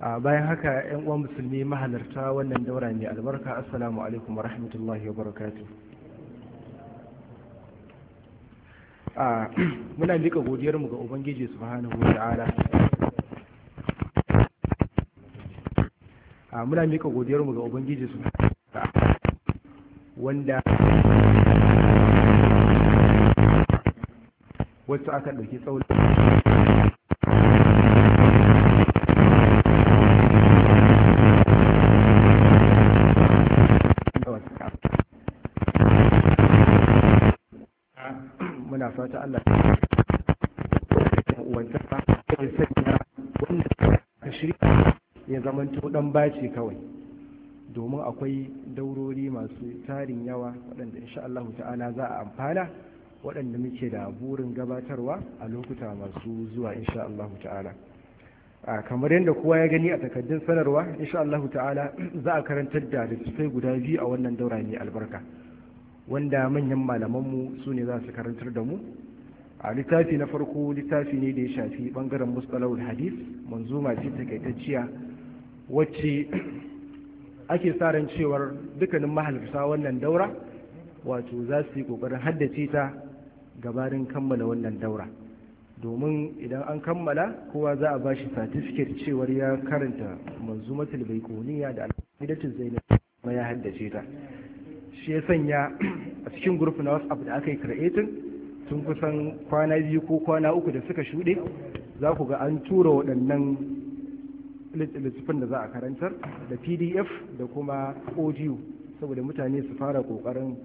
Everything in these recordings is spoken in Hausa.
bayan haka yan uwan musulmi mahalarta wannan daura mai albarka assalamu alaikum wa rahmatullahi wa barakatu muna godiyar godiyarmu ga ubangiji subhanahu wa ta'ala muna mika godiyarmu ga ubangiji su wanda wacce aka ɗauki tsawon fata Allah sanya ya zamanto dan bace kawai domin akwai daurori masu tarin yawa waɗanda insha Allah ta'ala za a amfana waɗanda muke da burin gabatarwa a lokuta masu zuwa insha Allah ta'ala kamar yadda kowa ya gani a takaddun sanarwa insha Allah ta'ala za a karantar da littattafai guda biyu a wannan daura ne albarka wanda manyan malamanmu su ne za su karantar da mu a littafi na farko littafi ne da ya shafi bangaren mustalawul hadis manzuma ce takaitacciya wacce ake sa ran cewar dukkanin mahalarta wannan daura wato za su yi kokarin haddace ta gabarin kammala wannan daura domin idan an kammala kowa za a ba shi satifiket cewar ya karanta manzumatul baikoniya da alhamdatul zainab kuma ya haddace ta shi ya sanya a cikin group na whatsapp da aka yi creating sun kusan kwana biyu ko kwana uku da suka shuɗe za ku ga an tura waɗannan littattafan da za a karantar da pdf da kuma audio saboda mutane su fara ƙoƙarin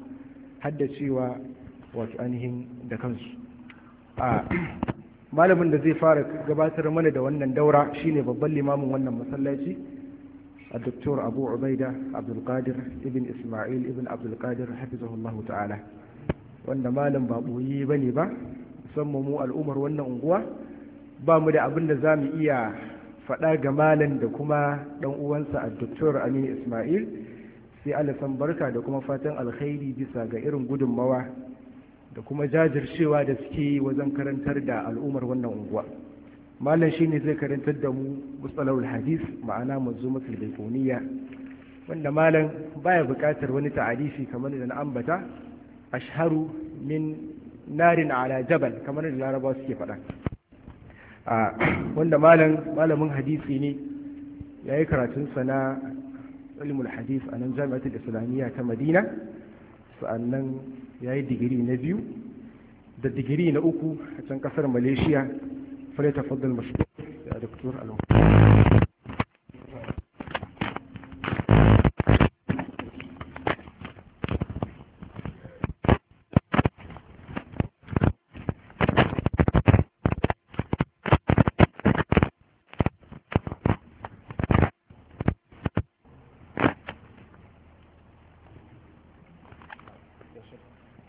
haddacewa wato ainihin da kansu malamin da zai fara gabatar mana da wannan daura shine babban limamin wannan masallaci الدكتور أبو عبيدة عبد القادر ابن إسماعيل ابن عبد القادر حفظه الله تعالى wanda malam ba ɓoyi ba ne ba musamman mu al'ummar wannan unguwa ba mu da abin da za mu iya faɗa ga malam da kuma ɗan uwansa a doktor aminu ismail sai alasan barka da kuma fatan alkhairi bisa ga irin gudunmawa da kuma jajircewa da suke wajen karantar da al'ummar wannan unguwa malam shi shine zai karantar da mu matsalar hadis ma'ana manzumatul baiquniya wanda malam baya bukatar wani ta'arifi kamar da na ambata ashharu min narin ala jabal kamar da laraba suke faɗa wanda malamin hadisi ne ya yi karatunsa na ilmul hadis a nan jami'atul islamiyya ta madina sa'annan ya yi digiri na biyu da digiri na uku a can kasar malaysia فليتفضل مشكور يا دكتور الو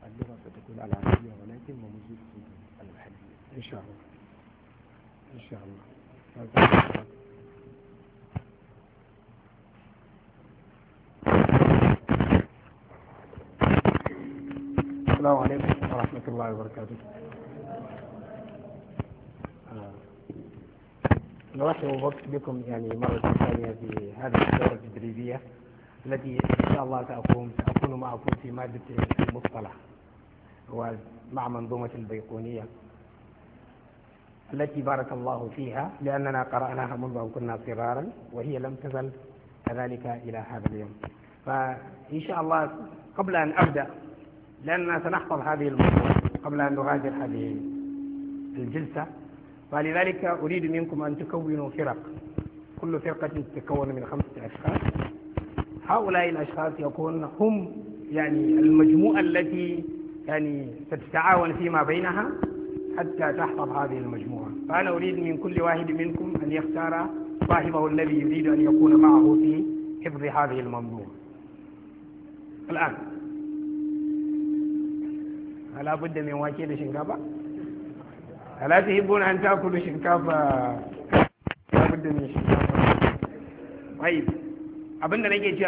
اللغة ستكون العربية ولكن وموجود في المحلية إن شاء الله إن شاء الله السلام عليكم ورحمة الله وبركاته آه، نرحب وقت بكم يعني مرة ثانية في هذه الدورة التدريبية التي إن شاء الله سأكون سأكون معكم في مادة المصطلح ومع منظومة البيقونية التي بارك الله فيها لأننا قرأناها منذ أن كنا صغارا وهي لم تزل كذلك إلى هذا اليوم فإن شاء الله قبل أن أبدأ لأننا سنحفظ هذه الموضوع قبل أن نغادر هذه الجلسة فلذلك أريد منكم أن تكونوا فرق كل فرقة تتكون من خمسة أشخاص هؤلاء الأشخاص يكون هم يعني المجموعة التي يعني تتعاون فيما بينها حتى تحفظ هذه المجموعة فأنا أريد من كل واحد منكم أن يختار صاحبه الذي يريد أن يكون معه في حفظ هذه المنظومة الآن ألا بد من واكيد شنكافة ألا تحبون أن تأكلوا شنكافة لا بد من شنكافة طيب أبننا نجي